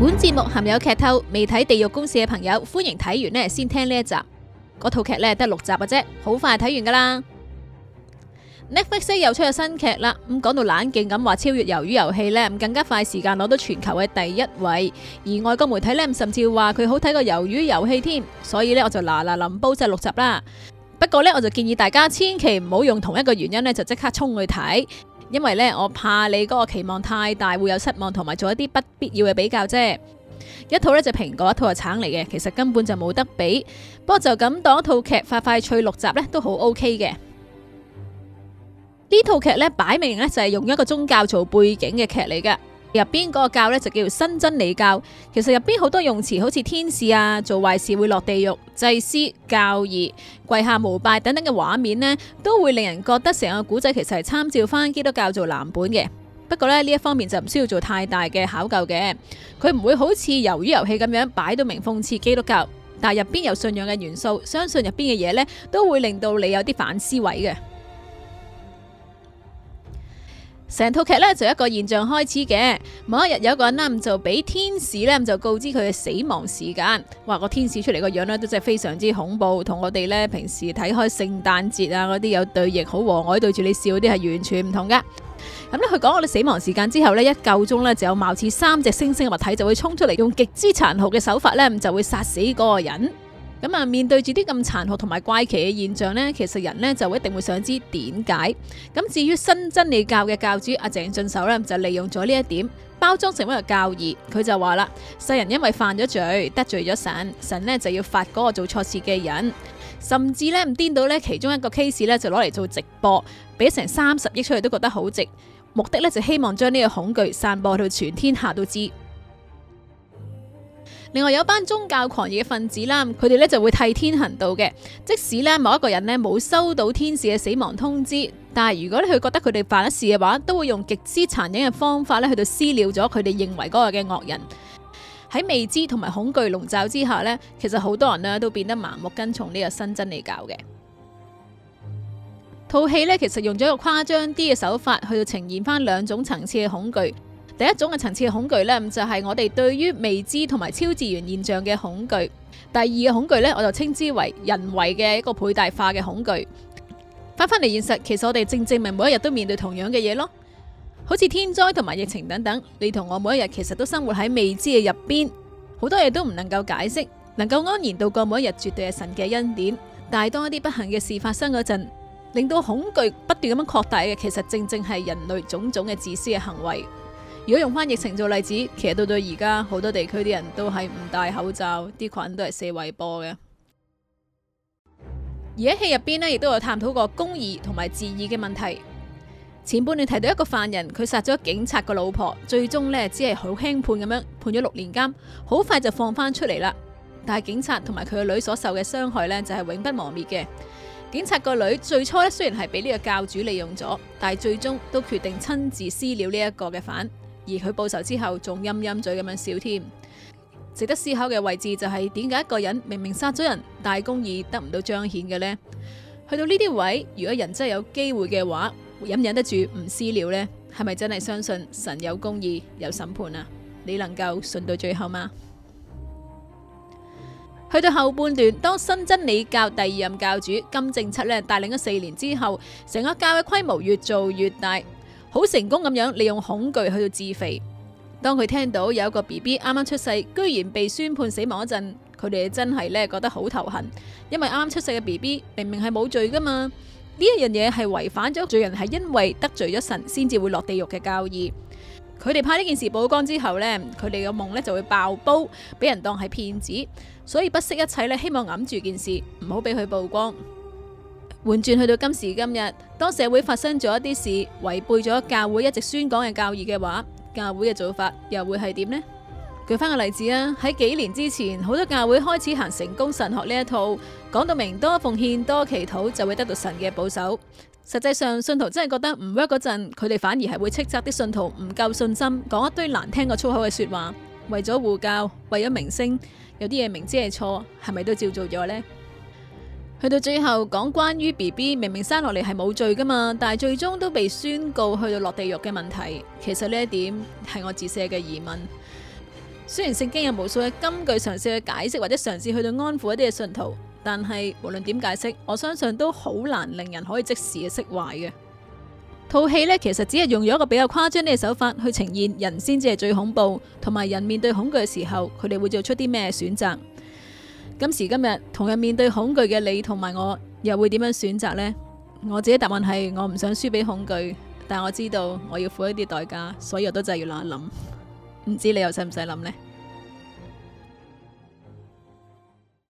本節目含有劇透，未睇《地獄公使》嘅朋友，歡迎睇完呢，先聽呢一集。嗰套劇呢，得六集嘅啫，好快睇完噶啦。Netflix 又出咗新劇啦，咁講到冷靜咁話超越魷遊戲《魷魚遊戲》呢，咁更加快時間攞到全球嘅第一位，而外國媒體呢，甚至話佢好睇過《魷魚遊戲》添，所以呢，我就嗱嗱臨煲晒六集啦。不過呢，我就建議大家千祈唔好用同一個原因呢，就即刻衝去睇。因為咧，我怕你嗰個期望太大，會有失望同埋做一啲不必要嘅比較啫。一套咧就蘋果，一套係橙嚟嘅，其實根本就冇得比。不過就咁當一套劇快快脆六集咧，都好 OK 嘅。呢套劇咧，擺明咧就係用一個宗教做背景嘅劇嚟嘅。入邊嗰個教咧就叫新真理教，其實入邊好多用詞好似天使啊，做壞事會落地獄、祭司、教義、跪下膜拜等等嘅畫面呢，都會令人覺得成個古仔其實係參照翻基督教做藍本嘅。不過咧呢一方面就唔需要做太大嘅考究嘅，佢唔會好似魷魚遊戲咁樣擺到明諷刺基督教，但係入邊有信仰嘅元素，相信入邊嘅嘢呢，都會令到你有啲反思位嘅。成套劇咧就一個現象開始嘅，某一日有一個人呢就俾天使咧就告知佢嘅死亡時間。話個天使出嚟個樣咧都真係非常之恐怖，同我哋咧平時睇開聖誕節啊嗰啲有對翼好和藹對住你笑嗰啲係完全唔同嘅。咁咧佢講我哋死亡時間之後呢，一夠鐘呢，就有貌似三隻星星嘅物體就會衝出嚟，用極之殘酷嘅手法呢，就會殺死嗰個人。咁啊，面對住啲咁殘酷同埋怪奇嘅現象呢，其實人呢就一定會想知點解。咁至於新真理教嘅教主阿鄭俊守呢，就利用咗呢一點，包裝成為一個教義。佢就話啦，世人因為犯咗罪，得罪咗神，神呢就要罰嗰個做錯事嘅人，甚至呢唔顛倒呢其中一個 case 呢，就攞嚟做直播，俾成三十億出去都覺得好值，目的呢，就希望將呢個恐懼散播到全天下都知。另外有一班宗教狂熱嘅分子啦，佢哋咧就會替天行道嘅。即使呢某一個人呢冇收到天使嘅死亡通知，但係如果咧佢覺得佢哋犯咗事嘅話，都會用極之殘忍嘅方法咧去到私了咗佢哋認為嗰個嘅惡人。喺未知同埋恐懼籠罩之下呢，其實好多人呢都變得盲目跟從呢個新真理教嘅。套戲呢其實用咗一個誇張啲嘅手法去到呈現翻兩種層次嘅恐懼。第一種嘅層次恐懼呢，就係我哋對於未知同埋超自然現象嘅恐懼。第二嘅恐懼呢，我就稱之為人為嘅一個倍大化嘅恐懼。翻返嚟現實，其實我哋正正咪每一日都面對同樣嘅嘢咯，好似天災同埋疫情等等。你同我每一日其實都生活喺未知嘅入邊，好多嘢都唔能夠解釋，能夠安然度過每一日，絕對係神嘅恩典。但係當一啲不幸嘅事發生嗰陣，令到恐懼不斷咁樣擴大嘅，其實正正係人類種種嘅自私嘅行為。如果用翻疫情做例子，其實到到而家，好多地區啲人都係唔戴口罩，啲菌都係四圍播嘅。而喺戲入邊呢，亦都有探討過公義同埋治義嘅問題。前半年提到一個犯人，佢殺咗警察個老婆，最終呢只係好輕判咁樣判咗六年監，好快就放翻出嚟啦。但係警察同埋佢個女所受嘅傷害呢，就係永不磨滅嘅。警察個女最初呢，雖然係俾呢個教主利用咗，但係最終都決定親自私了呢一個嘅犯。而佢報仇之後，仲陰陰嘴咁樣笑添。值得思考嘅位置就係點解一個人明明殺咗人，大公義得唔到彰顯嘅呢？去到呢啲位，如果人真係有機會嘅話，忍忍得住唔私了呢？係咪真係相信神有公義、有審判啊？你能夠信到最後嗎？去到後半段，當新真理教第二任教主金正七呢帶領咗四年之後，成個教嘅規模越做越大。好成功咁樣利用恐懼去到自肥。當佢聽到有一個 B B 啱啱出世，居然被宣判死亡嗰陣，佢哋真係咧覺得好頭痕，因為啱啱出世嘅 B B 明明係冇罪噶嘛。呢一樣嘢係違反咗罪人係因為得罪咗神先至會落地獄嘅教義。佢哋怕呢件事曝光之後呢，佢哋嘅夢呢就會爆煲，俾人當係騙子，所以不惜一切呢，希望揞住件事，唔好俾佢曝光。換轉去到今時今日，當社會發生咗一啲事，違背咗教會一直宣講嘅教義嘅話，教會嘅做法又會係點呢？舉翻個例子啊，喺幾年之前，好多教會開始行成功神學呢一套，講到明多奉獻多祈禱就會得到神嘅保守。實際上，信徒真係覺得唔 work 嗰陣，佢哋反而係會斥責啲信徒唔夠信心，講一堆難聽過粗口嘅說話，為咗護教，為咗名聲，有啲嘢明知係錯，係咪都照做咗呢？去到最後講關於 B B，明明生落嚟係冇罪㗎嘛，但係最終都被宣告去到落地獄嘅問題，其實呢一點係我自細嘅疑問。雖然聖經有無數嘅根據嘗試去解釋或者嘗試去到安撫一啲嘅信徒，但係無論點解釋，我相信都好難令人可以即時嘅釋懷嘅。套戲呢， 其實只係用咗一個比較誇張啲嘅手法去呈現人先至係最恐怖，同埋人面對恐懼嘅時候，佢哋會做出啲咩選擇。今時今日，同樣面對恐懼嘅你同埋我，又會點樣選擇呢？我自己答案係：我唔想輸畀恐懼，但我知道我要付一啲代價，所以我都就係要諗一諗，唔知你又使唔使諗呢？